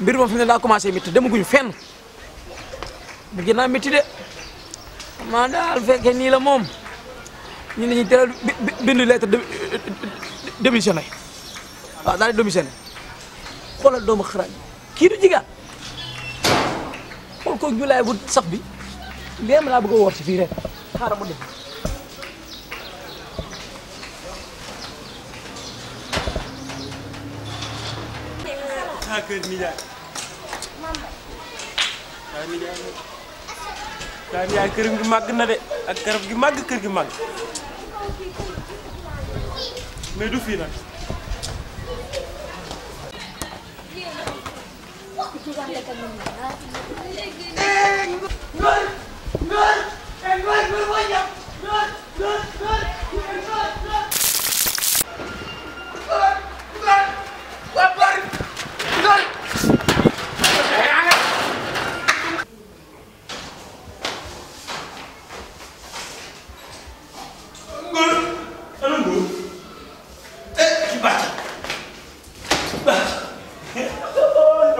mbir moom fi ne laa commencé métti demaguñu fenn bu gën a métti de maa daal fekkee nii la moom ñu ne ñu teel bind lettre de démissionné waaw daal di démissionné xoolal doomu xarañ kii du jigéen ko julaay bu sax bi léem laa bëgg a woor ci fii rek xaaral ma dem. sa kër nijaay saa nijaay saa nijaay kër gi màgg na de ak garab gi màgg kër gi màgg mais du fii nag Hey!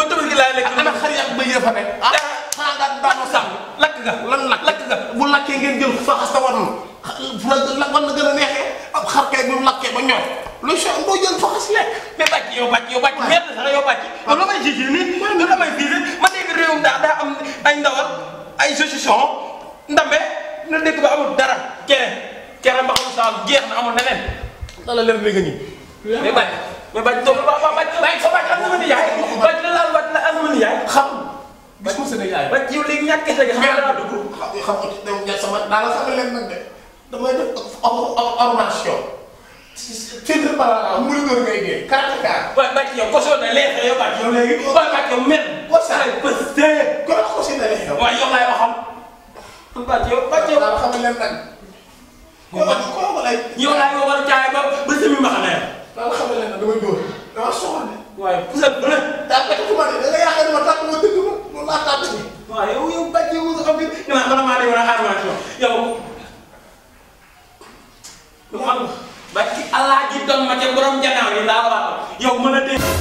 ba tabaski laay a ana xar yak bëy ya fa ne ah eh. xanaa daan daanoo sàmm lakk nga lan lakk lakk nga bu lakkee ngeen jël faxas ta war na la a bu lakkee ba ñor lu so boo jël faxas lekk mais bàcc yow bàcc yow bàcc ñeent sax yow bàcc ah. yow la may jiji nii man la may fiise ma nekk réewum daa daa am ay ndawal ay saucisson ndambe na dëkk ba amul dara cere cere mba xam saal jeex na amul neneen la leen méga ñi mais bañ toog ba ba bañ fa bañ am na ma ni yaay bañ la laal bañ la am na ma ni yaay xam. gis nga seen yaay bañ yow léegi ñàkk a jege xam nga dugg xam nga sama daal la sama leen nag de damay def formation. titre par mu góor ngay dee carte carte. waaw bañ yow kosoo na lee xëy yow bañ yow léegi. waaw bañ yow mel. kosaay bës dee. kon ak kosoo na lee xew. waaw yow laay waxam. bañ yow bañ yow daal xam nga leen nag. yow laay ma ñëw dama soxla ne. waaye pusa bu ne. tàppatu ma ne da nga yaakaar ne ma tàpp ma dëgg ma loolu laa tàpp ni. waaw yow yow bàjjee wu nga xam ne nga naan man maa ne wala xaaral maa ci yow. lu ma ba ci alaaji doon ma ca borom janaaw yi laa wax yow mën a dégg.